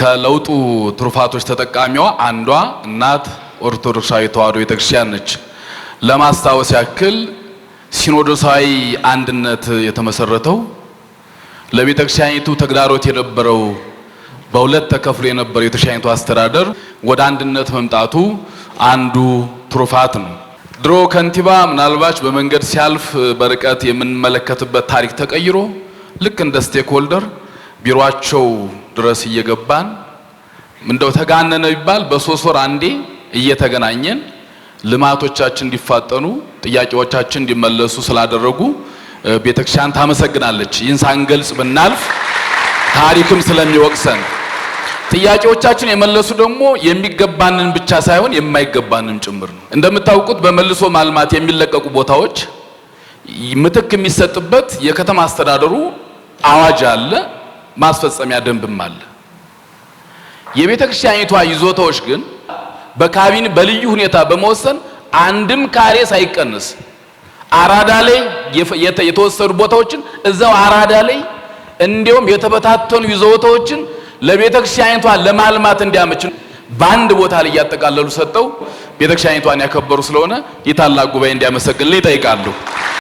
ከለውጡ ትሩፋቶች ተጠቃሚዋ አንዷ እናት ኦርቶዶክሳዊ ተዋሕዶ ቤተክርስቲያን ነች። ለማስታወስ ያክል ሲኖዶሳዊ አንድነት የተመሰረተው ለቤተክርስቲያኒቱ ተግዳሮት የነበረው በሁለት ተከፍሎ የነበረው የቤተክርስቲያኒቱ አስተዳደር ወደ አንድነት መምጣቱ አንዱ ትሩፋት ነው። ድሮ ከንቲባ ምናልባች በመንገድ ሲያልፍ በርቀት የምንመለከትበት ታሪክ ተቀይሮ ልክ እንደ ስቴክሆልደር ቢሮቸው ድረስ እየገባን እንደው ተጋነነ ቢባል በሶስት ወር አንዴ እየተገናኘን ልማቶቻችን እንዲፋጠኑ ጥያቄዎቻችን እንዲመለሱ ስላደረጉ ቤተክርስቲያን ታመሰግናለች። ይህን ሳንገልጽ ብናልፍ ታሪክም ስለሚወቅሰን ጥያቄዎቻችን የመለሱ ደግሞ የሚገባንን ብቻ ሳይሆን የማይገባንን ጭምር ነው። እንደምታውቁት በመልሶ ማልማት የሚለቀቁ ቦታዎች ምትክ የሚሰጥበት የከተማ አስተዳደሩ አዋጅ አለ። ማስፈጸሚያ ደንብም አለ። የቤተ ክርስቲያኒቷ ይዞታዎች ግን በካቢኔ በልዩ ሁኔታ በመወሰን አንድም ካሬ ሳይቀንስ አራዳ ላይ የተወሰዱ ቦታዎችን እዛው አራዳ ላይ እንዲሁም የተበታተኑ ይዞታዎችን ለቤተ ክርስቲያኒቷ ለማልማት እንዲያመች በአንድ ቦታ ላይ እያጠቃለሉ ሰጠው ቤተ ክርስቲያኒቷን ያከበሩ ስለሆነ የታላቅ ጉባኤ እንዲያመሰግንልኝ ይጠይቃሉ።